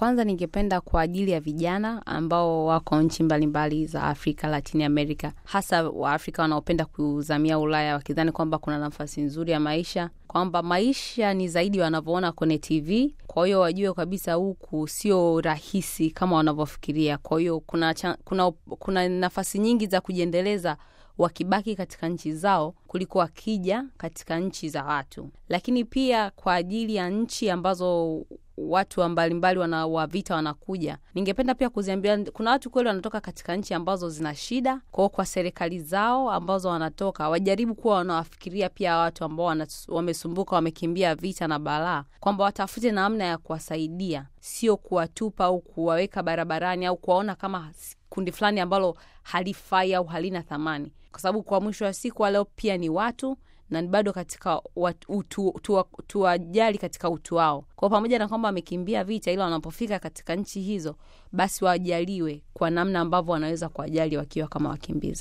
kwanza ningependa kwa ajili ya vijana ambao wako nchi mbalimbali za Afrika, Latini Amerika, hasa Waafrika wanaopenda kuzamia Ulaya wakidhani kwamba kuna nafasi nzuri ya maisha, kwamba maisha ni zaidi wanavyoona kwenye TV. Kwa hiyo wajue kabisa huku sio rahisi kama wanavyofikiria. Kwa hiyo kuna, kuna, kuna nafasi nyingi za kujiendeleza wakibaki katika nchi zao kuliko wakija katika nchi za watu. Lakini pia kwa ajili ya nchi ambazo watu wa mbalimbali wanawavita wa vita wanakuja, ningependa pia kuziambia, kuna watu kweli wanatoka katika nchi ambazo zina shida kwao, kwa serikali zao ambazo wanatoka wajaribu kuwa wanawafikiria pia watu ambao wamesumbuka, wamekimbia vita na balaa, kwamba watafute namna ya kuwasaidia, sio kuwatupa au kuwaweka barabarani au kuwaona kama kundi fulani ambalo halifai au halina thamani, kwa sababu kwa mwisho wa siku waleo pia ni watu na bado katika tuwajali katika utu wao, kwa pamoja na kwamba wamekimbia vita, ila wanapofika katika nchi hizo, basi wajaliwe kwa namna ambavyo wanaweza kuwajali wakiwa kama wakimbizi.